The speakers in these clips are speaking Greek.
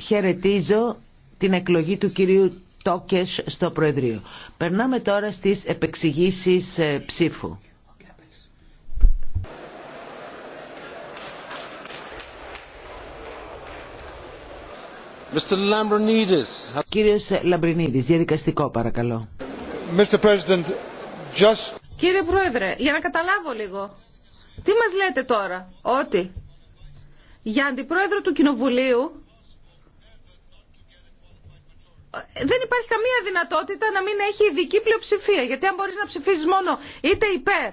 χαιρετίζω την εκλογή του κυρίου Τόκες στο Προεδρείο. Περνάμε τώρα στις επεξηγήσεις ε, ψήφου. Mr. Lambrinidis. Κύριος Λαμπρινίδης, διαδικαστικό παρακαλώ. Mr. President, just... Κύριε Πρόεδρε, για να καταλάβω λίγο, τι μας λέτε τώρα, ότι για αντιπρόεδρο του Κοινοβουλίου δεν υπάρχει καμία δυνατότητα να μην έχει ειδική πλειοψηφία. Γιατί αν μπορείς να ψηφίσεις μόνο είτε υπέρ,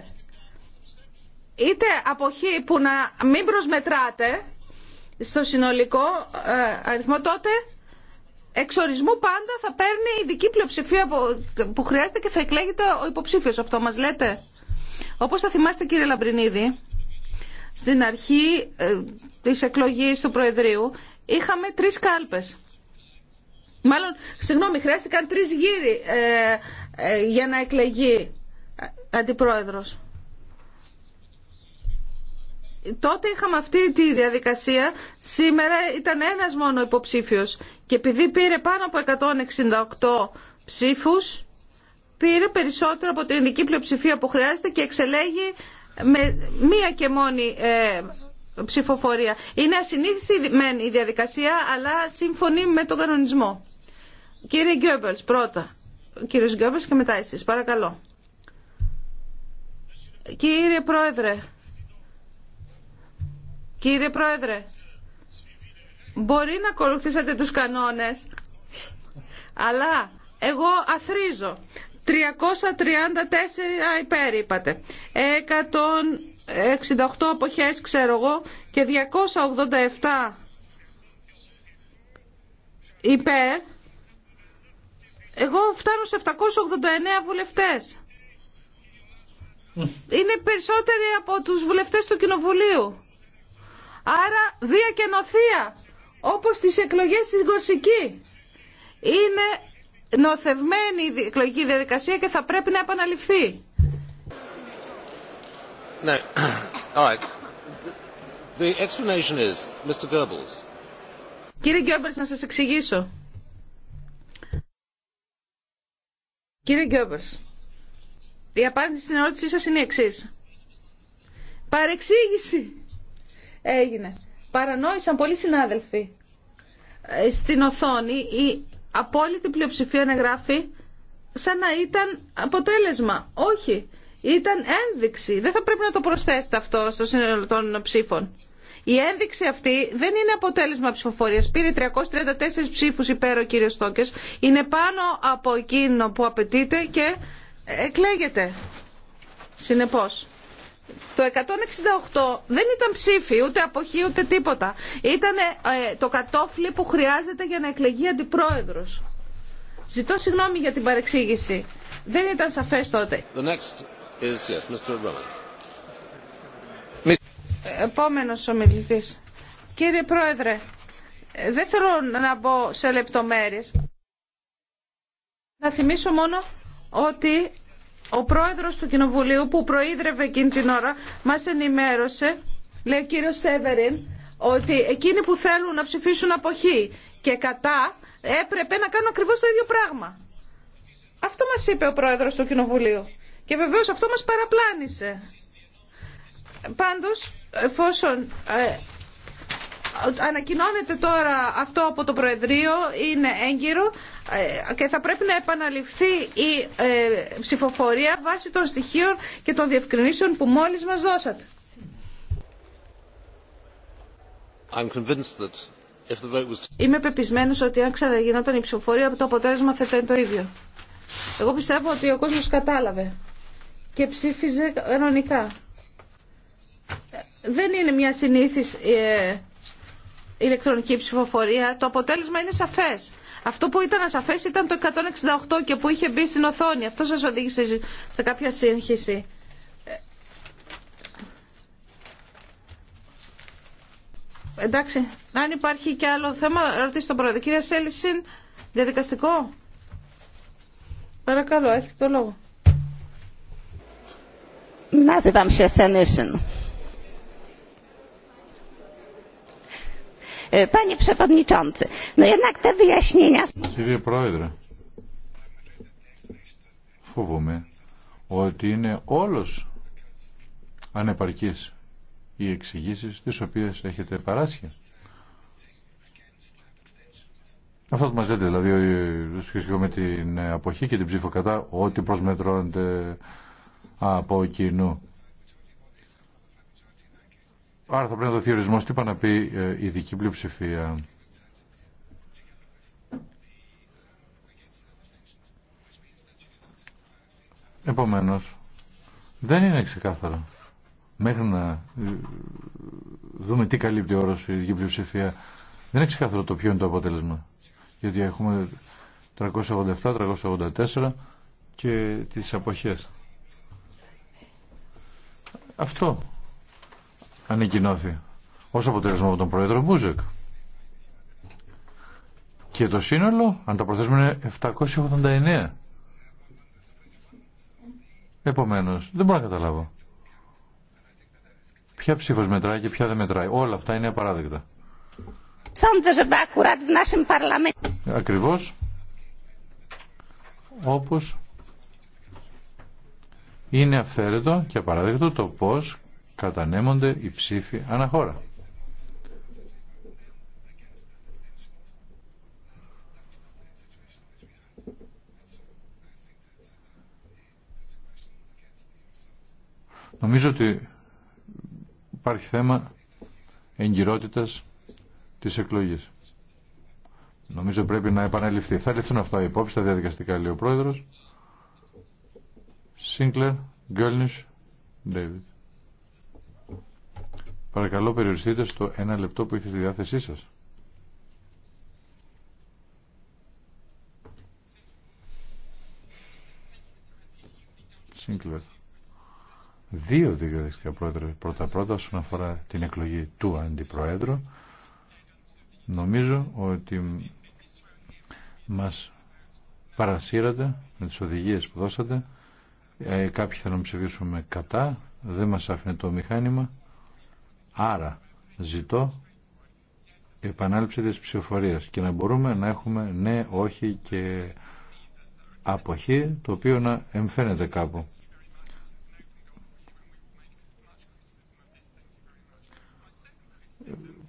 είτε αποχή που να μην προσμετράτε στο συνολικό ε, αριθμό, τότε εξορισμού πάντα θα παίρνει ειδική πλειοψηφία που χρειάζεται και θα εκλέγεται ο υποψήφιος. Αυτό μας λέτε. Όπως θα θυμάστε κύριε Λαμπρινίδη, στην αρχή ε, της εκλογής του Προεδρείου είχαμε τρεις κάλπες Μάλλον, συγγνώμη, χρειάστηκαν τρει γύρι ε, ε, για να εκλεγεί ε, αντιπρόεδρος. Τότε είχαμε αυτή τη διαδικασία, σήμερα ήταν ένας μόνο υποψήφιος και επειδή πήρε πάνω από 168 ψήφους, πήρε περισσότερο από την ειδική πλειοψηφία που χρειάζεται και εξελέγει με μία και μόνη ψηφοφορία. Είναι ασυνήθιστη η διαδικασία, αλλά σύμφωνη με τον κανονισμό. Κύριε Γκέμπελς, πρώτα. Ο κύριος Γκέμπελς και μετά εσείς. Παρακαλώ. Κύριε Πρόεδρε. Κύριε Πρόεδρε. Μπορεί να ακολουθήσατε τους κανόνες, αλλά εγώ αθρίζω. 334 υπέρ είπατε. 168 αποχές ξέρω εγώ και 287 υπέρ εγώ φτάνω σε 789 βουλευτές. Είναι περισσότεροι από τους βουλευτές του Κοινοβουλίου. Άρα βία και νοθεία, όπως τις εκλογές της Γκορσική, Είναι νοθευμένη η εκλογική διαδικασία και θα πρέπει να επαναληφθεί. The explanation is, Mr. Κύριε Γκέμπερς, να σας εξηγήσω. Κύριε Γκέμπερς, η απάντηση στην ερώτησή σας είναι η εξής. Παρεξήγηση έγινε. Παρανόησαν πολλοί συνάδελφοι. Ε, στην οθόνη η απόλυτη πλειοψηφία να σαν να ήταν αποτέλεσμα. Όχι. Ήταν ένδειξη. Δεν θα πρέπει να το προσθέσετε αυτό στο σύνολο των ψήφων. Η ένδειξη αυτή δεν είναι αποτέλεσμα ψηφοφορία. Πήρε 334 ψήφου υπέρ ο κύριο Στόκε. Είναι πάνω από εκείνο που απαιτείται και εκλέγεται. Συνεπώ. Το 168 δεν ήταν ψήφι, ούτε αποχή, ούτε τίποτα. Ήταν ε, το κατόφλι που χρειάζεται για να εκλεγεί αντιπρόεδρο. Ζητώ συγγνώμη για την παρεξήγηση. Δεν ήταν σαφές τότε. Επόμενος ομιλητής. Κύριε Πρόεδρε, δεν θέλω να μπω σε λεπτομέρειες. Να θυμίσω μόνο ότι ο πρόεδρος του Κοινοβουλίου που προείδρευε εκείνη την ώρα μας ενημέρωσε, λέει ο κύριος Σέβεριν, ότι εκείνοι που θέλουν να ψηφίσουν αποχή και κατά έπρεπε να κάνουν ακριβώς το ίδιο πράγμα. Αυτό μας είπε ο πρόεδρος του Κοινοβουλίου. Και βεβαίως αυτό μας παραπλάνησε. Πάντως, εφόσον ε, ανακοινώνεται τώρα αυτό από το Προεδρείο, είναι έγκυρο ε, και θα πρέπει να επαναληφθεί η ε, ψηφοφορία βάσει των στοιχείων και των διευκρινήσεων που μόλις μας δώσατε. was... Είμαι πεπισμένος ότι αν ξαναγινόταν η ψηφοφορία, το αποτέλεσμα θα ήταν το ίδιο. Εγώ πιστεύω ότι ο κόσμος κατάλαβε και ψήφιζε κανονικά δεν είναι μια συνήθις ε, ηλεκτρονική ψηφοφορία. Το αποτέλεσμα είναι σαφές. Αυτό που ήταν ασαφές ήταν το 168 και που είχε μπει στην οθόνη. Αυτό σας οδήγησε σε κάποια σύγχυση. Ε, εντάξει, αν υπάρχει και άλλο θέμα, ρωτήστε τον πρόεδρο. Κυρία Σέλισιν, διαδικαστικό. Παρακαλώ, έχετε το λόγο. ζητάμε σε σένα, E, panie Przewodniczący, no Κύριε Πρόεδρε, φοβούμαι ότι είναι όλος ανεπαρκής οι εξηγήσει τις οποίες έχετε παράσχει. Αυτό που μας δηλαδή, σχετικό με την αποχή και την ψήφο κατά, ό,τι προσμετρώνεται από κοινού. Άρα θα πρέπει να δοθεί ορισμός. Τι είπα να πει ε, η δική πλειοψηφία. Επομένως, δεν είναι ξεκάθαρο. Μέχρι να ε, δούμε τι καλύπτει ο όρος η δική πλειοψηφία, δεν είναι ξεκάθαρο το ποιο είναι το αποτέλεσμα. Γιατί έχουμε 387, 384 και τις αποχές. Αυτό ανακοινώθη ως αποτέλεσμα από τον πρόεδρο Μπούζεκ. Και το σύνολο, αν τα προσθέσουμε, είναι 789. Επομένως, δεν μπορώ να καταλάβω. Ποια ψήφος μετράει και ποια δεν μετράει. Όλα αυτά είναι απαράδεκτα. Ακριβώς όπως είναι αυθαίρετο και απαράδεκτο το πώς κατανέμονται οι ψήφοι αναχώρα. Νομίζω ότι υπάρχει θέμα εγκυρότητας της εκλογής. Νομίζω πρέπει να επαναληφθεί. Θα ληφθούν αυτά υπόψη, τα διαδικαστικά λέει ο πρόεδρος. Σίνκλερ, Γκέλνις, Ντέιβιτ. Παρακαλώ περιοριστείτε στο ένα λεπτό που είχε στη διάθεσή σας. Σύγκλερ. Δύο διαδικαστικά πρόεδρε. Πρώτα-πρώτα όσον αφορά την εκλογή του αντιπροέδρου. Νομίζω ότι μας παρασύρατε με τις οδηγίες που δώσατε. Ε, κάποιοι θέλουν να ψηφίσουμε κατά. Δεν μας άφηνε το μηχάνημα. Άρα ζητώ επανάληψη της ψηφοφορίας και να μπορούμε να έχουμε ναι, όχι και αποχή το οποίο να εμφαίνεται κάπου.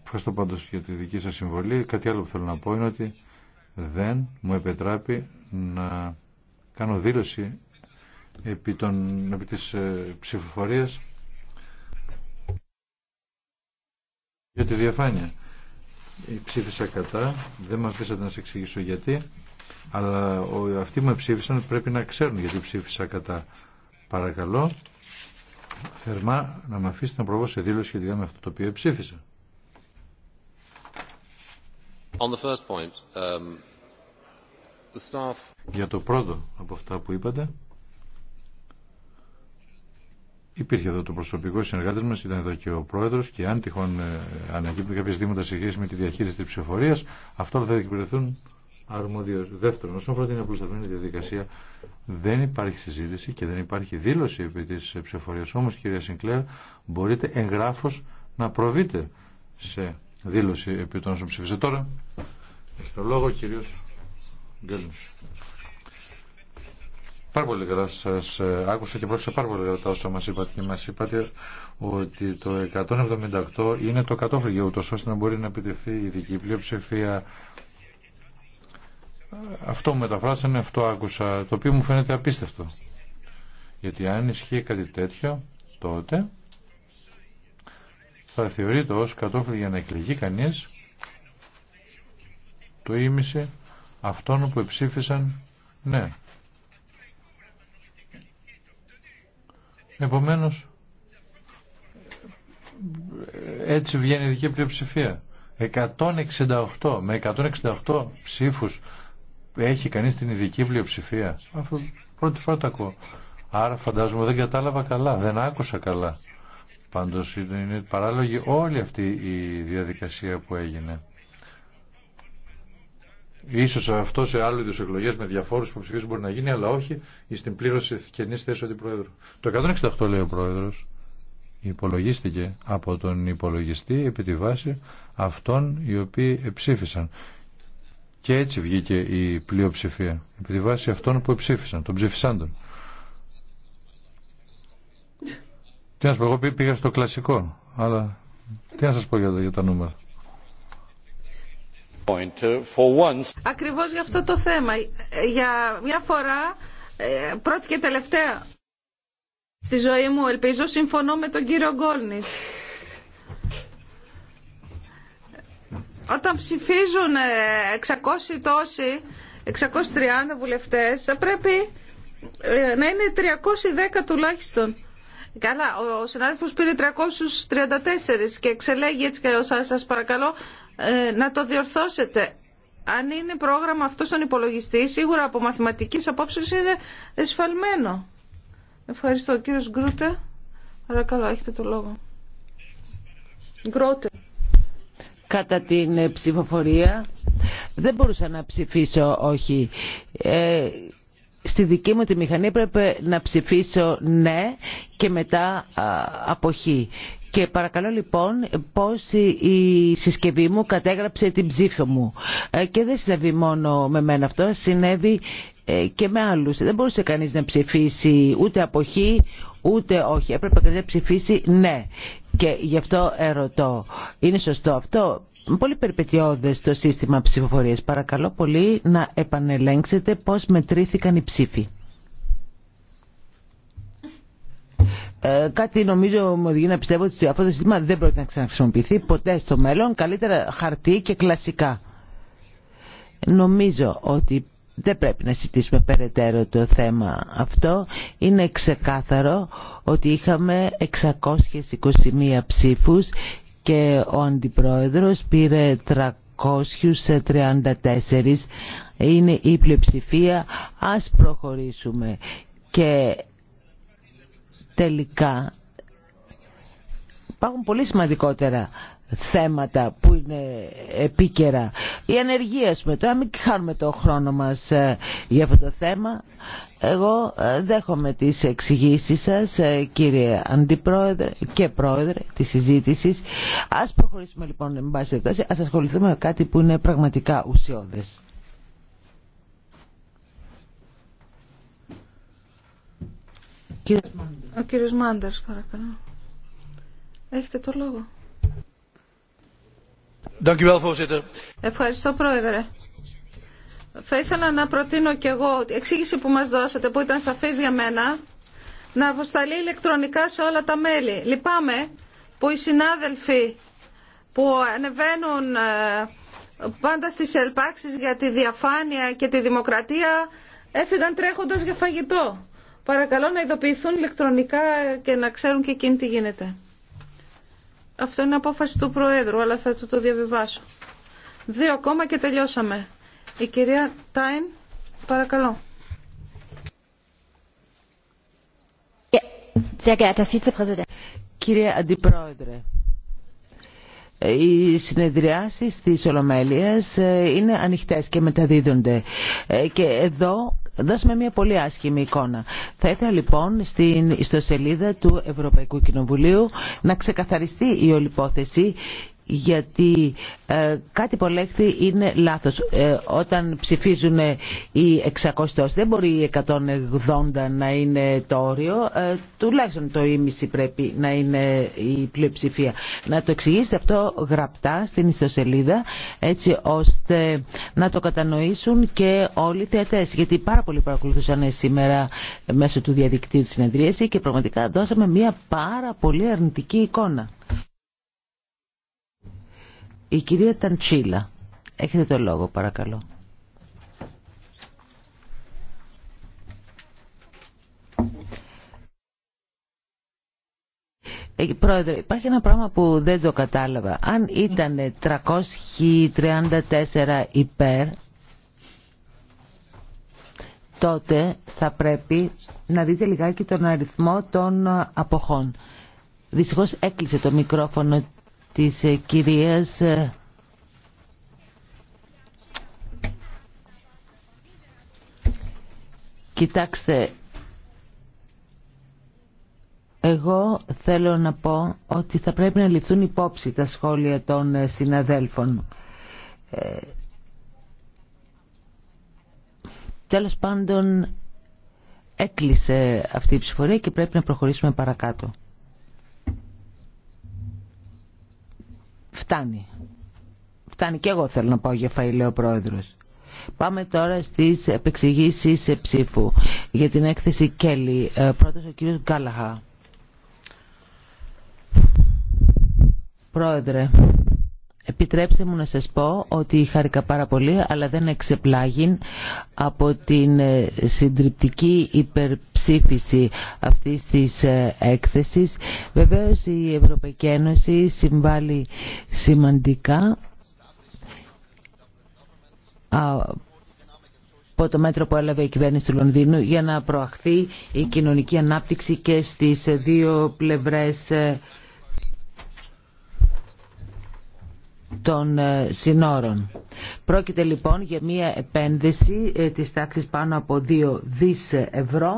Ευχαριστώ πάντως για τη δική σας συμβολή. Κάτι άλλο που θέλω να πω είναι ότι δεν μου επιτράπει να κάνω δήλωση επί, των, επί της ε, ψηφοφορίας Για τη διαφάνεια. Ψήφισα κατά, δεν με αφήσατε να σε εξηγήσω γιατί, αλλά αυτοί που με ψήφισαν πρέπει να ξέρουν γιατί ψήφισα κατά. Παρακαλώ, θερμά να με αφήσετε να προβώ σε δήλωση σχετικά με αυτό το οποίο ψήφισα. Um, Για το πρώτο από αυτά που είπατε, Υπήρχε εδώ το προσωπικό συνεργάτη μα, ήταν εδώ και ο πρόεδρο και αν τυχόν ε, ανακύπτουν κάποιε δήματα σε σχέση με τη διαχείριση τη ψηφοφορία, αυτό θα εκπληρωθούν αρμοδίω. Δεύτερον, όσον αφορά την απλουστευμένη διαδικασία, δεν υπάρχει συζήτηση και δεν υπάρχει δήλωση επί τη ψηφοφορία. Όμω, κυρία Σινκλέρ, μπορείτε εγγράφω να προβείτε σε δήλωση επί των όσων ψηφίσετε τώρα. Έχει το λόγο, Πάρα πολύ καλά σα ε, άκουσα και πρόσεξα πάρα πολύ καλά όσα μα είπατε και είπατε ότι το 178 είναι το κατόφλι ούτω ώστε να μπορεί να επιτευχθεί η ειδική πλειοψηφία αυτό μου μεταφράσανε, αυτό άκουσα, το οποίο μου φαίνεται απίστευτο. Γιατί αν ισχύει κάτι τέτοιο, τότε θα θεωρείται ως κατόφλι για να εκλεγεί κανείς το ίμιση αυτών που εψήφισαν ναι. Επομένως, έτσι βγαίνει η δική πλειοψηφία. 168 με 168 ψήφους έχει κανείς την ειδική πλειοψηφία. Αυτό πρώτη φορά το ακούω. Άρα φαντάζομαι δεν κατάλαβα καλά, δεν άκουσα καλά. Πάντως είναι παράλογη όλη αυτή η διαδικασία που έγινε. Ίσως αυτό σε άλλου είδου εκλογέ με διαφόρους υποψηφίου μπορεί να γίνει, αλλά όχι στην πλήρωση θέση θέσης αντιπρόεδρου. Το 168 λέει ο Πρόεδρο. υπολογίστηκε από τον υπολογιστή επί τη βάση αυτών οι οποίοι ψήφισαν. Και έτσι βγήκε η πλειοψηφία, επί τη βάση αυτών που ψήφισαν, των ψηφισάντων. Τι να σας πω, εγώ πήγα στο κλασικό, αλλά τι να σας πω για τα νούμερα. Uh, Ακριβώς για αυτό το θέμα. Για μια φορά, ε, πρώτη και τελευταία στη ζωή μου, ελπίζω, συμφωνώ με τον κύριο Γκόλνης. Όταν ψηφίζουν 600 ε, τόσοι, 630 βουλευτές, θα πρέπει ε, να είναι 310 τουλάχιστον. Καλά, ο συνάδελφος πήρε 334 και εξελέγει έτσι και σας παρακαλώ ε, να το διορθώσετε. Αν είναι πρόγραμμα αυτό στον υπολογιστή, σίγουρα από μαθηματικής απόψεως είναι εσφαλμένο. Ευχαριστώ. Κύριος Γκρούτε, παρακαλώ, έχετε το λόγο. Γκρούτε. Κατά την ε, ψηφοφορία δεν μπορούσα να ψηφίσω όχι. Ε, στη δική μου τη μηχανή πρέπει να ψηφίσω ναι και μετά αποχή. Και παρακαλώ λοιπόν πώς η συσκευή μου κατέγραψε την ψήφο μου. Ε, και δεν συνέβη μόνο με μένα αυτό, συνέβη ε, και με άλλους. Δεν μπορούσε κανείς να ψηφίσει ούτε αποχή, ούτε όχι. Έπρεπε κανείς να ψηφίσει ναι. Και γι' αυτό ερωτώ. Είναι σωστό αυτό. Πολύ περιπετειώδες το σύστημα ψηφοφορίας. Παρακαλώ πολύ να επανελέγξετε πώς μετρήθηκαν οι ψήφοι. Ε, κάτι νομίζω μου οδηγεί να πιστεύω ότι αυτό το σύστημα δεν πρόκειται να ξαναχρησιμοποιηθεί ποτέ στο μέλλον. Καλύτερα χαρτί και κλασικά. Νομίζω ότι δεν πρέπει να συζητήσουμε περαιτέρω το θέμα αυτό. Είναι ξεκάθαρο ότι είχαμε 621 ψήφους και ο αντιπρόεδρος πήρε 334. Είναι η πλειοψηφία. Ας προχωρήσουμε. Και τελικά υπάρχουν πολύ σημαντικότερα θέματα που είναι επίκαιρα. Η ανεργία, ας πούμε, τώρα μην χάνουμε το χρόνο μας ε, για αυτό το θέμα. Εγώ ε, δέχομαι τις εξηγήσει σας, ε, κύριε Αντιπρόεδρε και Πρόεδρε της συζήτηση. Ας προχωρήσουμε λοιπόν, με πάση περιπτώσει, ας ασχοληθούμε με κάτι που είναι πραγματικά ουσιώδες. Ο κύριος Μάντερς, παρακαλώ. Έχετε το λόγο. Ευχαριστώ, Πρόεδρε. Θα ήθελα να προτείνω κι εγώ, η εξήγηση που μας δώσατε, που ήταν σαφής για μένα, να αποσταλεί ηλεκτρονικά σε όλα τα μέλη. Λυπάμαι που οι συνάδελφοι που ανεβαίνουν ε, πάντα στις ελπάξεις για τη διαφάνεια και τη δημοκρατία έφυγαν τρέχοντας για φαγητό παρακαλώ να ειδοποιηθούν ηλεκτρονικά και να ξέρουν και εκείνοι τι γίνεται. Αυτό είναι απόφαση του Προέδρου, αλλά θα του το διαβιβάσω. Δύο ακόμα και τελειώσαμε. Η κυρία Τάιν, παρακαλώ. Κυρία Αντιπρόεδρε, οι συνεδριάσεις της Ολομέλειας ε, είναι ανοιχτές και μεταδίδονται. Ε, και εδώ δώσαμε μια πολύ άσχημη εικόνα. Θα ήθελα λοιπόν στην ιστοσελίδα του Ευρωπαϊκού Κοινοβουλίου να ξεκαθαριστεί η όλη υπόθεση γιατί ε, κάτι που είναι λάθος. Ε, όταν ψηφίζουν οι 600 δεν μπορεί οι 180 να είναι το όριο, ε, τουλάχιστον το ίμιση πρέπει να είναι η πλειοψηφία. Να το εξηγήσετε αυτό γραπτά στην ιστοσελίδα έτσι ώστε να το κατανοήσουν και όλοι οι θεατές. Γιατί πάρα πολλοί παρακολουθούσαν σήμερα μέσω του διαδικτύου τη συνεδρίαση και πραγματικά δώσαμε μια πάρα πολύ αρνητική εικόνα. Η κυρία Ταντσίλα. Έχετε το λόγο παρακαλώ. Ε, πρόεδρε, υπάρχει ένα πράγμα που δεν το κατάλαβα. Αν ήταν 334 υπέρ, τότε θα πρέπει να δείτε λιγάκι τον αριθμό των ε, αποχών. Δυστυχώς έκλεισε το μικρόφωνο της κυρίας ε, Κοιτάξτε, εγώ θέλω να πω ότι θα πρέπει να ληφθούν υπόψη τα σχόλια των ε, συναδέλφων. Ε, τέλος πάντων έκλεισε αυτή η ψηφορία και πρέπει να προχωρήσουμε παρακάτω. Φτάνει. Φτάνει και εγώ θέλω να πάω για φαΐ, ο πρόεδρος. Πάμε τώρα στις επεξηγήσεις ψήφου για την έκθεση Κέλλη. Ε, πρώτος ο κύριος Γκάλαχα. Πρόεδρε, Επιτρέψτε μου να σας πω ότι χάρηκα πάρα πολύ, αλλά δεν εξεπλάγει από την ε, συντριπτική υπερψήφιση αυτής της ε, έκθεσης. Βεβαίως η Ευρωπαϊκή Ένωση συμβάλλει σημαντικά από το μέτρο που έλαβε η κυβέρνηση του Λονδίνου για να προαχθεί η κοινωνική ανάπτυξη και στις ε, δύο πλευρές των ε, συνόρων. Πρόκειται λοιπόν για μια επένδυση ε, της τάξης πάνω από 2 δις ευρώ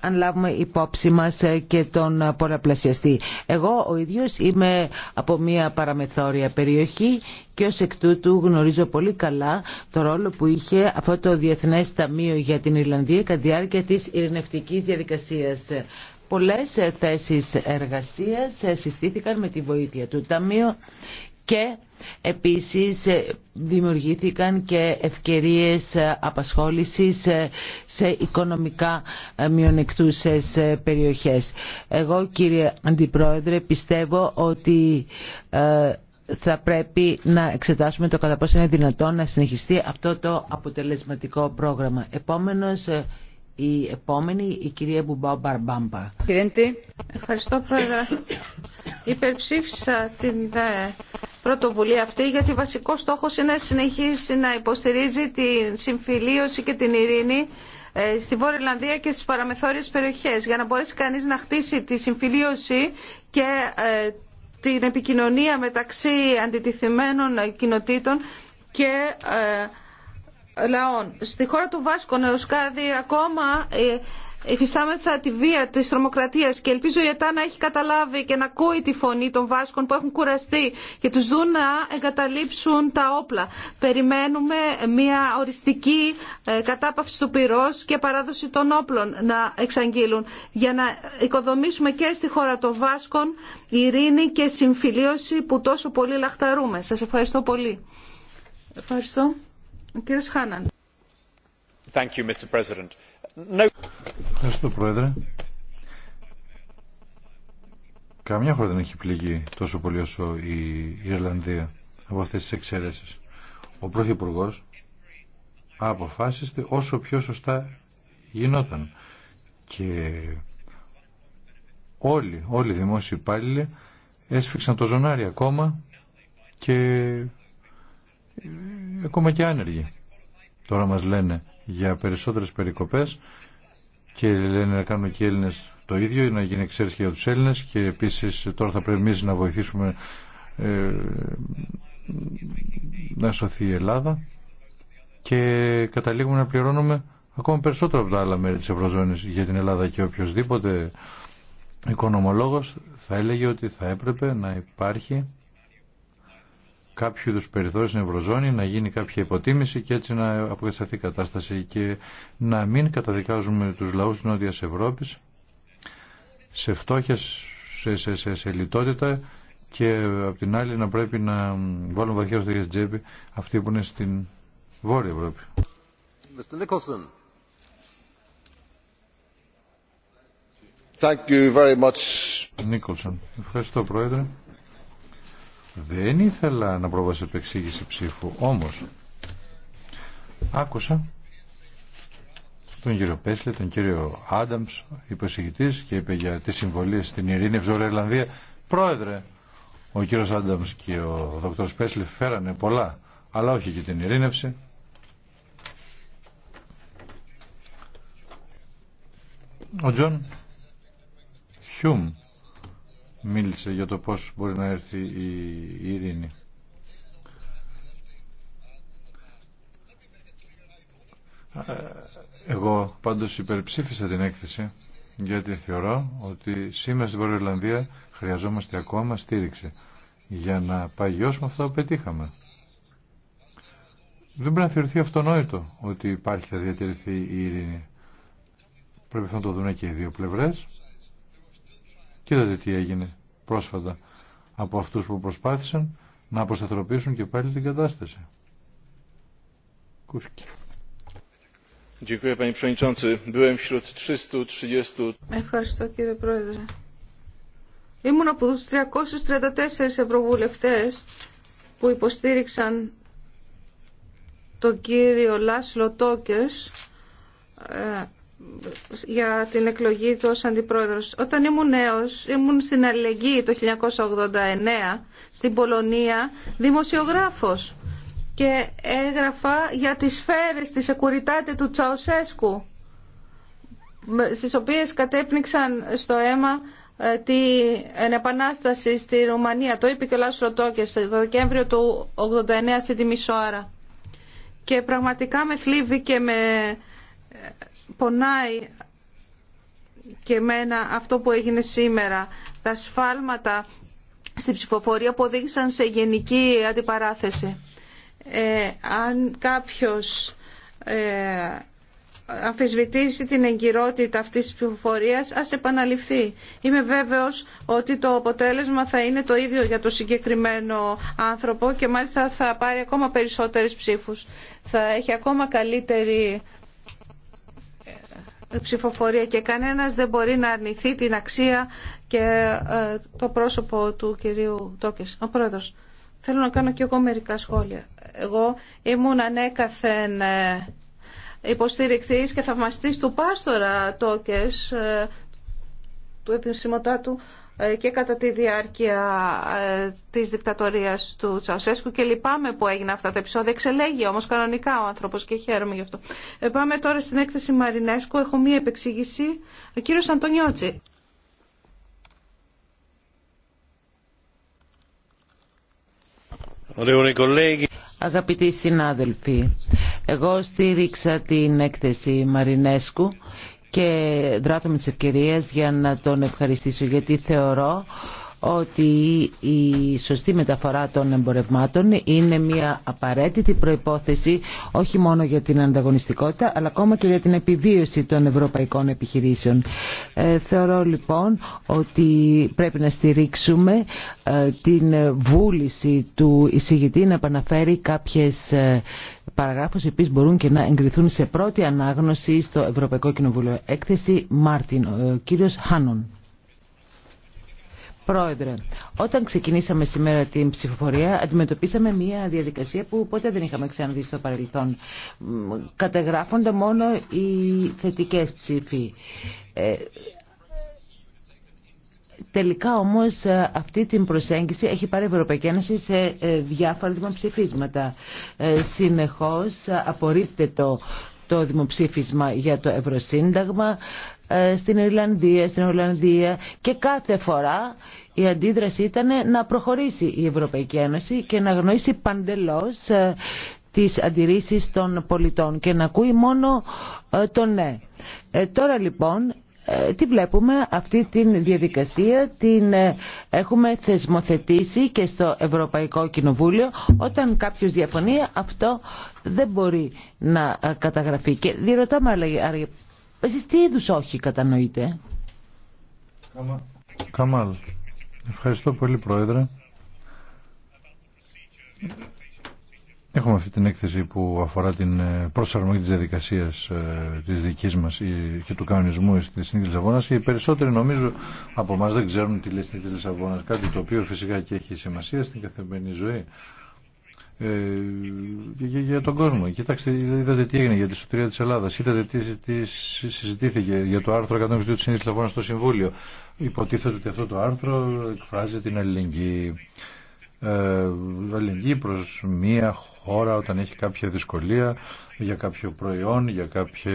αν λάβουμε υπόψη μας ε, και τον πολλαπλασιαστή. Εγώ ο ίδιος είμαι από μια παραμεθόρια περιοχή και ως εκ τούτου γνωρίζω πολύ καλά το ρόλο που είχε αυτό το Διεθνές Ταμείο για την Ιρλανδία κατά τη διάρκεια της ειρηνευτικής διαδικασίας. Πολλές ε, θέσεις εργασίας ε, συστήθηκαν με τη βοήθεια του Ταμείου και επίσης ε, δημιουργήθηκαν και ευκαιρίες απασχόλησης σε οικονομικά μειονεκτούσες περιοχές. Εγώ κύριε Αντιπρόεδρε πιστεύω ότι θα πρέπει να εξετάσουμε το κατά πόσο είναι δυνατόν να συνεχιστεί αυτό το αποτελεσματικό πρόγραμμα. Επόμενος η επόμενη, η κυρία Μπουμπά Μπαρμπάμπα. Ευχαριστώ, Πρόεδρε. Υπερψήφισα την ε, πρωτοβουλία αυτή γιατί βασικό στόχος είναι να συνεχίσει να υποστηρίζει τη συμφιλίωση και την ειρήνη ε, στη Βόρεια Ιρλανδία και στις παραμεθόριες περιοχές για να μπορέσει κανείς να χτίσει τη συμφιλίωση και ε, την επικοινωνία μεταξύ αντιτιθυμένων κοινοτήτων και λαών. Στη χώρα του Βάσκο Νεοσκάδη ακόμα ε, υφιστάμεθα τη βία τη τρομοκρατία και ελπίζω η ΕΤΑ να έχει καταλάβει και να ακούει τη φωνή των Βάσκων που έχουν κουραστεί και τους δουν να εγκαταλείψουν τα όπλα. Περιμένουμε μια οριστική ε, κατάπαυση του πυρός και παράδοση των όπλων να εξαγγείλουν για να οικοδομήσουμε και στη χώρα των Βάσκων ειρήνη και συμφιλίωση που τόσο πολύ λαχταρούμε. Σα ευχαριστώ πολύ. Ευχαριστώ. Ευχαριστώ, Πρόεδρε. Καμιά χώρα δεν έχει πληγεί τόσο πολύ όσο η Ιρλανδία από αυτές τις εξαιρέσεις. Ο Πρωθυπουργό αποφάσισε όσο πιο σωστά γινόταν. Και όλοι, όλοι οι δημόσιοι υπάλληλοι έσφιξαν το ζωνάρι ακόμα και ακόμα και άνεργοι. Τώρα μας λένε για περισσότερες περικοπές και λένε να κάνουν και οι Έλληνες το ίδιο, να γίνει εξαίρεση για τους Έλληνες και επίσης τώρα θα πρέπει εμείς να βοηθήσουμε ε, να σωθεί η Ελλάδα και καταλήγουμε να πληρώνουμε ακόμα περισσότερο από τα άλλα μέρη της Ευρωζώνης για την Ελλάδα και οποιοδήποτε οικονομολόγος θα έλεγε ότι θα έπρεπε να υπάρχει κάποιο είδου περιθώριο στην Ευρωζώνη, να γίνει κάποια υποτίμηση και έτσι να αποκατασταθεί η κατάσταση και να μην καταδικάζουμε τους λαούς της Νότιας Ευρώπης σε φτώχεια, σε, σε, σε, λιτότητα και απ' την άλλη να πρέπει να βάλουμε βαθιά στο τσέπη αυτοί που είναι στην Βόρεια Ευρώπη. Thank you very much. Nicholson. Ευχαριστώ Πρόεδρε. Δεν ήθελα να προβάσω επεξήγηση ψήφου, όμως άκουσα τον κύριο Πέσλε, τον κύριο Άνταμς, υποσυγητής, και είπε για τις συμβολίες στην ειρήνη Ευζωρία Πρόεδρε, ο κύριος Άνταμς και ο δόκτωρος Πέσλε φέρανε πολλά, αλλά όχι και την ειρήνευση. Ο Τζον Χιούμ μίλησε για το πώς μπορεί να έρθει η ειρήνη. Εγώ πάντως υπερψήφισα την έκθεση γιατί θεωρώ ότι σήμερα στην Βορειοελλανδία χρειαζόμαστε ακόμα στήριξη για να παγιώσουμε αυτά που πετύχαμε. Δεν πρέπει να θεωρηθεί αυτονόητο ότι υπάρχει θα διατηρηθεί η ειρήνη. Πρέπει να το δουν και οι δύο πλευρές Κοίτατε τι έγινε πρόσφατα από αυτούς που προσπάθησαν να αποσταθεροποιήσουν και πάλι την κατάσταση. Κούσκι. Ευχαριστώ κύριε Πρόεδρε. Ήμουν από τους 334 ευρωβουλευτές που υποστήριξαν τον κύριο Λάσλο Τόκερς ε, για την εκλογή του ως αντιπρόεδρος. Όταν ήμουν νέος, ήμουν στην Αλληλεγγύη το 1989, στην Πολωνία, δημοσιογράφος και έγραφα για τις σφαίρες της Εκουριτάτη του Τσαουσέσκου στις οποίες κατέπνιξαν στο αίμα ε, την επανάσταση στη Ρουμανία. Το είπε και ο Λάσο το Δεκέμβριο του 89 στην Τιμισόαρα. Και πραγματικά με θλίβει και με πονάει και μένα αυτό που έγινε σήμερα. Τα σφάλματα στη ψηφοφορία που οδήγησαν σε γενική αντιπαράθεση. Ε, αν κάποιος ε, αμφισβητήσει την εγκυρότητα αυτής της ψηφοφορίας, ας επαναληφθεί. Είμαι βέβαιος ότι το αποτέλεσμα θα είναι το ίδιο για το συγκεκριμένο άνθρωπο και μάλιστα θα πάρει ακόμα περισσότερες ψήφους. Θα έχει ακόμα καλύτερη ψηφοφορία και κανένας δεν μπορεί να αρνηθεί την αξία και ε, το πρόσωπο του κυρίου Τόκες. Ο πρόεδρος, θέλω να κάνω και εγώ μερικά σχόλια. Εγώ ήμουν ανέκαθεν ε, υποστηρικτής και θαυμαστής του Πάστορα Τόκες, ε, του επισημωτά του, ε, και κατά τη διάρκεια ε, της δικτατορίας του Τσαουσέσκου και λυπάμαι που έγιναν αυτά τα επεισόδια. Εξελέγει όμως κανονικά ο άνθρωπος και χαίρομαι γι' αυτό. Ε, πάμε τώρα στην έκθεση Μαρινέσκου. Έχω μία επεξήγηση. Ο κύριος Αντωνιώτση. Αγαπητοί συνάδελφοι, εγώ στήριξα την έκθεση Μαρινέσκου και δράτω με τις ευκαιρίες για να τον ευχαριστήσω γιατί θεωρώ ότι η σωστή μεταφορά των εμπορευμάτων είναι μια απαραίτητη προϋπόθεση όχι μόνο για την ανταγωνιστικότητα αλλά ακόμα και για την επιβίωση των ευρωπαϊκών επιχειρήσεων. Ε, θεωρώ λοιπόν ότι πρέπει να στηρίξουμε ε, την βούληση του εισηγητή να επαναφέρει κάποιες ε, παραγράφους οι οποίες μπορούν και να εγκριθούν σε πρώτη ανάγνωση στο Ευρωπαϊκό Κοινοβούλιο. Έκθεση Μάρτιν, ο κύριος Χάνον. Πρόεδρε, όταν ξεκινήσαμε σήμερα την ψηφοφορία, αντιμετωπίσαμε μια διαδικασία που ποτέ δεν είχαμε ξαναδεί στο παρελθόν. Κατεγράφονται μόνο οι θετικές ψήφοι. Ε, τελικά όμως ε, αυτή την προσέγγιση έχει πάρει η Ευρωπαϊκή Ένωση σε ε, διάφορα δημοψηφίσματα. Συνεχώς απορρίπτεται το το δημοψήφισμα για το Ευρωσύνταγμα ε, στην Ιρλανδία, στην Ολλανδία και κάθε φορά η αντίδραση ήταν να προχωρήσει η Ευρωπαϊκή Ένωση και να γνωρίσει παντελώς ε, τις αντιρρήσεις των πολιτών και να ακούει μόνο ε, το ναι. Τώρα λοιπόν ε, τι βλέπουμε αυτή τη διαδικασία, την ε, έχουμε θεσμοθετήσει και στο Ευρωπαϊκό Κοινοβούλιο. Όταν κάποιος διαφωνεί αυτό δεν μπορεί να ε, καταγραφεί. Και διερωτάμε, άλλα, εσείς τι είδους όχι κατανοείτε. Καμάλ, ευχαριστώ πολύ Πρόεδρε. Έχουμε αυτή την έκθεση που αφορά την ε, προσαρμογή της διαδικασίας ε, της δικής μας και του κανονισμού στη Συνήθεια Λισαβόνας. Οι περισσότεροι νομίζω από εμά δεν ξέρουν τη λέει της Λισαβόνα κάτι το οποίο φυσικά και έχει σημασία στην καθημερινή ζωή. Ε, για, τον κόσμο. Κοιτάξτε, είδατε τι έγινε για τη Σωτήρια της Ελλάδας, είδατε τι, τι συζητήθηκε για το άρθρο 122 της Συνήθισης Λισαβόνα στο Συμβούλιο. Υποτίθεται ότι αυτό το άρθρο εκφράζει την αλληλεγγύη. Ε, αλληλεγγύη προς μία χώρα όταν έχει κάποια δυσκολία για κάποιο προϊόν, για, κάποια,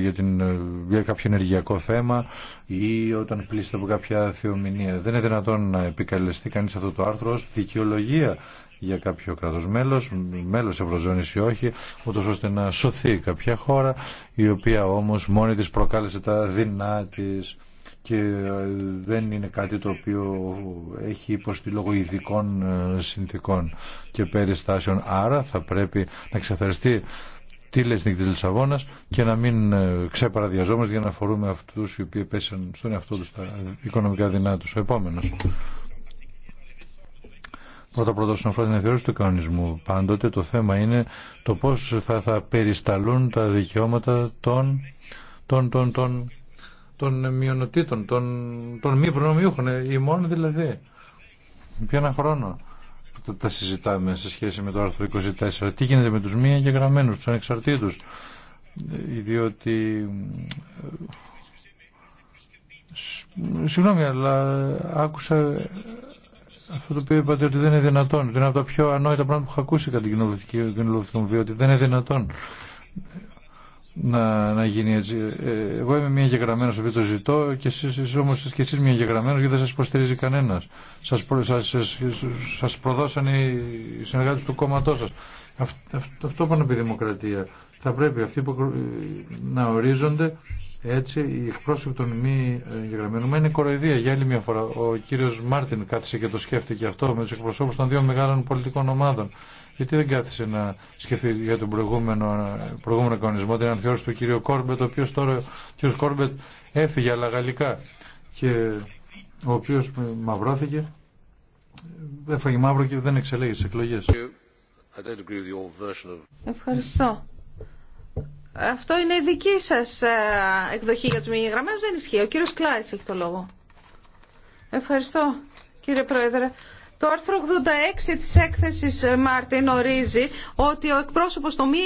για, την, για κάποιο ενεργειακό θέμα ή όταν πλήσεται από κάποια θεομηνία. Δεν είναι δυνατόν να επικαλεστεί κανείς αυτό το άρθρο ως δικαιολογία για κάποιο κράτος μέλος, μέλος Ευρωζώνης ή όχι, ούτως ώστε να σωθεί κάποια χώρα η οποία όμως μόνη της προκάλεσε τα δεινά της και ε, δεν είναι κάτι το οποίο έχει υποστεί λόγω ειδικών ε, συνθήκων και περιστάσεων. Άρα θα πρέπει να ξεθαριστεί τη λεσνίκη της Λισαβόνας και να μην ε, ξεπαραδιαζόμαστε για να αφορούμε αυτούς οι οποίοι πέσαν στον εαυτό τους τα οικονομικά δυνάτους. Ο επόμενος. Πρώτα πρώτα όσον αφορά την του κανονισμού. Πάντοτε το θέμα είναι το πώς θα, θα περισταλούν τα δικαιώματα των, των, των, των των μειονοτήτων, των, των μη προνομιούχων, ημών ε, δηλαδή. Ποιο ένα χρόνο που τα συζητάμε σε σχέση με το άρθρο 24. Τι γίνεται με τους μη εγγεγραμμένους, τους ανεξαρτήτους. Ε, διότι... Ε, συγγνώμη, αλλά άκουσα αυτό το οποίο είπατε ότι δεν είναι δυνατόν. Είναι από τα πιο ανόητα πράγματα που έχω ακούσει κατά την κοινοβουλευτική μου βία, ότι δεν είναι δυνατόν να, να γίνει έτσι. Ε, εγώ είμαι μια εγγεγραμμένο επειδή το ζητώ και εσεί όμω και εσεί μια εγγεγραμμένο γιατί δεν σα υποστηρίζει κανένα. Σα προ, προδώσαν οι συνεργάτε του κόμματό σα. αυτό, αυτό πάνω από δημοκρατία. Θα πρέπει αυτοί που ε, να ορίζονται έτσι οι εκπρόσωποι των μη εγγεγραμμένων. είναι κοροϊδία για άλλη μια φορά. Ο κύριο Μάρτιν κάθισε και το σκέφτηκε αυτό με του εκπροσώπου των δύο μεγάλων πολιτικών ομάδων. Γιατί δεν κάθισε να σκεφτεί για τον προηγούμενο, προηγούμενο κανονισμό, την ανθεώρηση του κύριο Κόρμπετ, ο οποίο τώρα ο κύριο Κόρμπετ έφυγε αλλά γαλλικά και ο οποίο μαυρώθηκε, έφαγε μαύρο και δεν εξελέγει στι εκλογέ. Ευχαριστώ. Αυτό είναι η δική σα ε, εκδοχή για μη γραμμές, δεν ισχύει. Ο κύριος Κλάι έχει το λόγο. Ευχαριστώ κύριε Πρόεδρε. Το άρθρο 86 της έκθεσης ε, Μάρτιν ορίζει ότι ο εκπρόσωπος των μη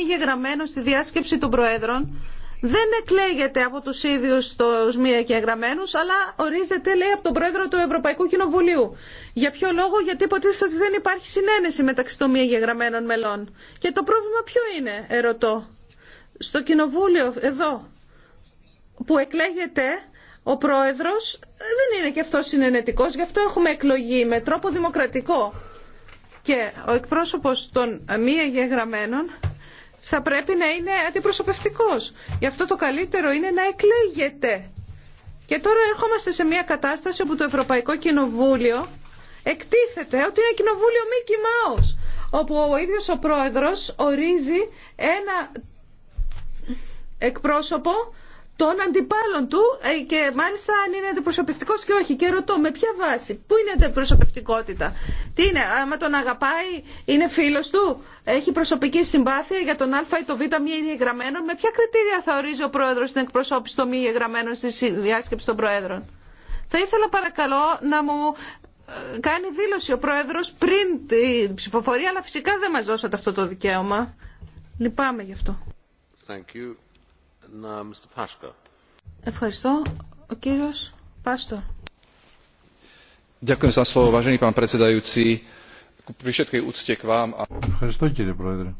στη διάσκεψη των Προέδρων δεν εκλέγεται από τους ίδιους τους μη εγγεγραμμένους, αλλά ορίζεται, λέει, από τον Πρόεδρο του Ευρωπαϊκού Κοινοβουλίου. Για ποιο λόγο, γιατί υποτίθεται ότι δεν υπάρχει συνένεση μεταξύ των μη εγγεγραμμένων μελών. Και το πρόβλημα ποιο είναι, ερωτώ. Στο Κοινοβούλιο, εδώ, που εκλέγεται ο πρόεδρος ε, δεν είναι και αυτό συνενετικός, γι' αυτό έχουμε εκλογή με τρόπο δημοκρατικό. Και ο εκπρόσωπος των μη εγγεγραμμένων θα πρέπει να είναι αντιπροσωπευτικός. Γι' αυτό το καλύτερο είναι να εκλέγεται. Και τώρα ερχόμαστε σε μια κατάσταση όπου το Ευρωπαϊκό Κοινοβούλιο εκτίθεται ότι είναι κοινοβούλιο Μίκη Μάους, όπου ο ίδιος ο πρόεδρος ορίζει ένα εκπρόσωπο των αντιπάλων του ε, και μάλιστα αν είναι αντιπροσωπευτικός και όχι. Και ρωτώ με ποια βάση, πού είναι αντιπροσωπευτικότητα. Τι είναι, άμα τον αγαπάει, είναι φίλος του, έχει προσωπική συμπάθεια για τον Α ή τον Β μη εγγραμμένο. Με ποια κριτήρια θα ορίζει ο πρόεδρος την εκπροσώπηση των μη εγγραμμένων στη διάσκεψη των πρόεδρων. Θα ήθελα παρακαλώ να μου ε, κάνει δήλωση ο πρόεδρος πριν την ψηφοφορία, αλλά φυσικά δεν μας δώσατε αυτό το δικαίωμα. Λυπάμαι γι' αυτό. Ευχαριστώ. Ο κύριος Πάστορ. Ευχαριστώ κύριε Πρόεδρε.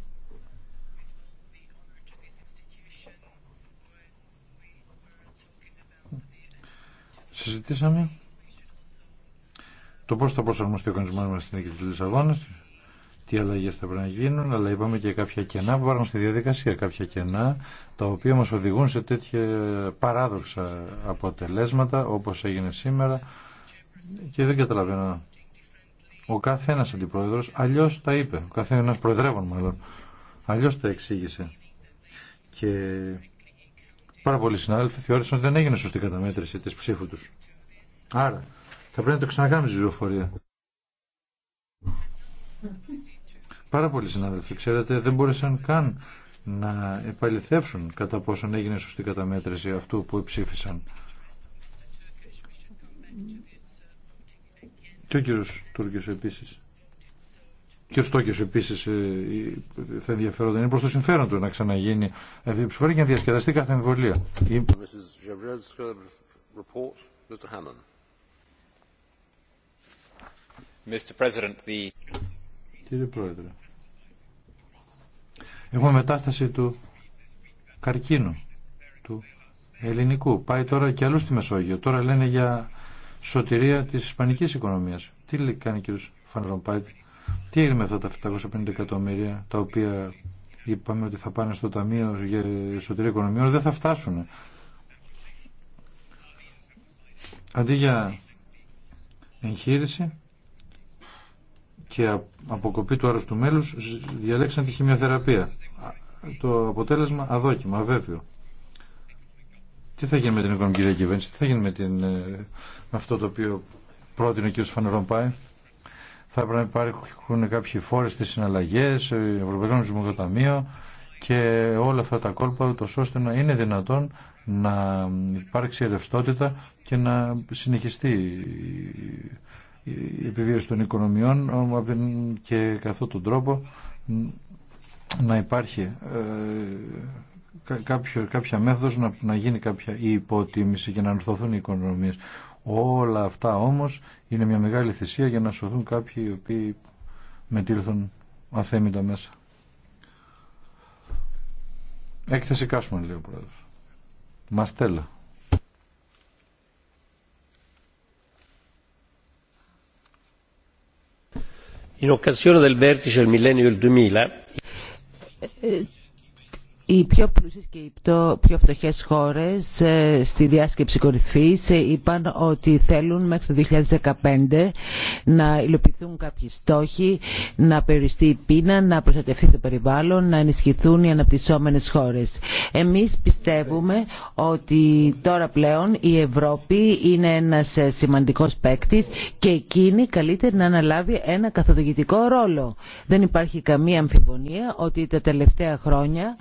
Συζητήσαμε το πώς θα προσαρμοστεί ο κανονισμός μας στην Εκκλησία της Λισαβόνας τι αλλαγέ θα πρέπει να γίνουν, αλλά είπαμε και κάποια κενά που υπάρχουν στη διαδικασία. Κάποια κενά τα οποία μα οδηγούν σε τέτοια παράδοξα αποτελέσματα όπω έγινε σήμερα και δεν καταλαβαίνω. Ο κάθε ένα αντιπρόεδρο αλλιώ τα είπε. Ο κάθε ένα προεδρεύων μάλλον αλλιώ τα εξήγησε. Και πάρα πολλοί συνάδελφοι θεώρησαν ότι δεν έγινε σωστή καταμέτρηση τη ψήφου του. Άρα θα πρέπει να το ξανακάνουμε στην πληροφορία. Πάρα πολλοί συνάδελφοι, ξέρετε, δεν μπόρεσαν καν να επαληθεύσουν κατά πόσον έγινε σωστή καταμέτρηση αυτού που ψήφισαν. Και ο κύριος Τούρκης επίσης. Και ο Στόκιος επίσης ε, ε, θα ενδιαφέρονται. Είναι προς το συμφέρον του να ξαναγίνει ε, αυτή η και να διασκεδαστεί κάθε εμβολία. Κύριε Πρόεδρε, Έχουμε μετάσταση του καρκίνου, του ελληνικού. Πάει τώρα και αλλού στη Μεσόγειο. Τώρα λένε για σωτηρία της ισπανικής οικονομίας. Τι λέει, κάνει ο κ. Φανρομπάιτ, τι έγινε με αυτά τα 750 εκατομμύρια τα οποία είπαμε ότι θα πάνε στο Ταμείο για Σωτηρία Οικονομιών, δεν θα φτάσουν. Αντί για εγχείρηση, και αποκοπή του άρρωστου μέλους διαλέξαν τη χημειοθεραπεία. Το αποτέλεσμα αδόκιμο, αβέβαιο. Τι θα γίνει με την οικονομική διακυβέρνηση, τι θα γίνει με, την, ε, με αυτό το οποίο πρότεινε ο κ. Φανερομπάη. Θα πρέπει να υπάρχουν κάποιοι φόρε στις συναλλαγές, ε, Ευρωπαϊκό Νομισματικό Ταμείο και όλα αυτά τα κόλπα, ούτω ώστε να είναι δυνατόν να υπάρξει ρευστότητα και να συνεχιστεί η επιβίωση των οικονομιών και καθόλου τον τρόπο να υπάρχει ε, κάποιο, κάποια μέθοδος να, γίνει κάποια η υποτίμηση και να ανορθωθούν οι οικονομίες. Όλα αυτά όμως είναι μια μεγάλη θυσία για να σωθούν κάποιοι οι οποίοι μετήλθουν αθέμητα μέσα. Έκθεση Κάσμαν λέει ο πρόεδρος. Μαστέλα. in occasione del vertice del millennio del 2000 οι πιο πλούσιες και οι πιο φτωχές χώρες ε, στη διάσκεψη κορυφής ε, είπαν ότι θέλουν μέχρι το 2015 να υλοποιηθούν κάποιοι στόχοι, να περιοριστεί η πείνα, να προστατευτεί το περιβάλλον, να ενισχυθούν οι αναπτυσσόμενες χώρες. Εμείς πιστεύουμε ότι τώρα πλέον η Ευρώπη είναι ένας ε, σημαντικός παίκτη και εκείνη καλύτερα να αναλάβει ένα καθοδηγητικό ρόλο. Δεν υπάρχει καμία αμφιβονία ότι τα τελευταία χρόνια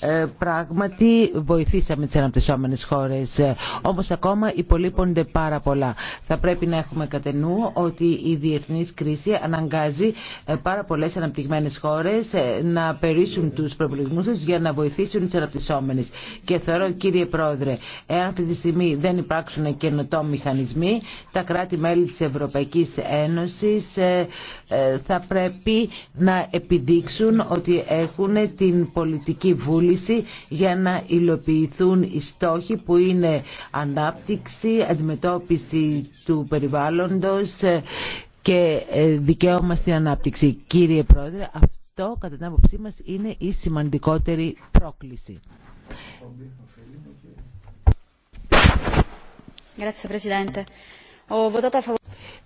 ε, πράγματι βοηθήσαμε τις αναπτυσσόμενες χώρες, ε, όμως ακόμα υπολείπονται πάρα πολλά. Θα πρέπει να έχουμε κατά νου ότι η διεθνής κρίση αναγκάζει ε, πάρα πολλές αναπτυγμένες χώρες να περίσουν τους προβλησμούς τους για να βοηθήσουν τις αναπτυσσόμενες. Και θεωρώ κύριε Πρόεδρε, εάν αυτή τη στιγμή δεν υπάρξουν καινοτόμοι μηχανισμοί, τα κράτη-μέλη της Ευρωπαϊκής Ένωσης θα πρέπει να επιδείξουν ότι έχουν την πολιτική για να υλοποιηθούν οι στόχοι που είναι ανάπτυξη, αντιμετώπιση του περιβάλλοντος και ε, δικαίωμα στην ανάπτυξη. Κύριε Πρόεδρε, αυτό κατά την άποψή μας είναι η σημαντικότερη πρόκληση. Grazie Presidente.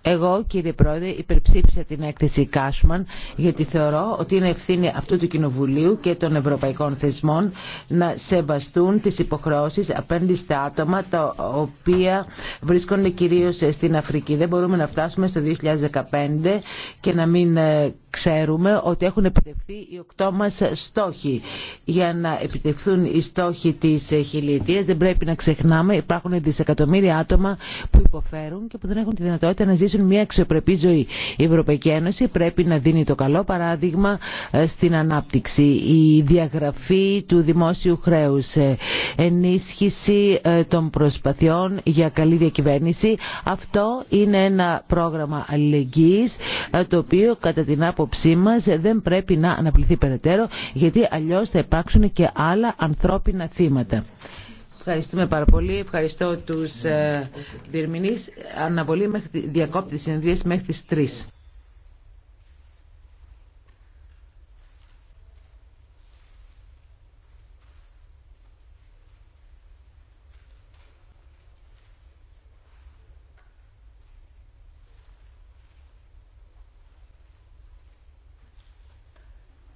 Εγώ κύριε Πρόεδρε υπερψήφισα την έκθεση Κάσμαν γιατί θεωρώ ότι είναι ευθύνη αυτού του Κοινοβουλίου και των Ευρωπαϊκών Θεσμών να σεβαστούν τις υποχρεώσεις απέναντι στα άτομα τα οποία βρίσκονται κυρίως στην Αφρική. Δεν μπορούμε να φτάσουμε στο 2015 και να μην ε, ξέρουμε ότι έχουν επιτευχθεί οι οκτώ μας στόχοι. Για να επιτευχθούν οι στόχοι της χιλιετίας δεν πρέπει να ξεχνάμε υπάρχουν δισεκατομμύρια άτομα που υποφέρουν και που δεν έχουν τη δυνατότητα να ζήσουν μια αξιοπρεπή ζωή. Η Ευρωπαϊκή Ένωση πρέπει να δίνει το καλό παράδειγμα ε, στην ανάπτυξη. Η διαγραφή του δημόσιου χρέους, ε, ενίσχυση ε, των προσπαθειών για καλή διακυβέρνηση. Αυτό είναι ένα πρόγραμμα αλληλεγγύης το οποίο κατά την άποψή μα δεν πρέπει να αναπληθεί περαιτέρω γιατί αλλιώς θα υπάρξουν και άλλα ανθρώπινα θύματα. Ευχαριστούμε πάρα πολύ. Ευχαριστώ τους ε, διερμηνείς. Αναβολή μέχρι, διακόπτη συνεδρίες μέχρι τις 3.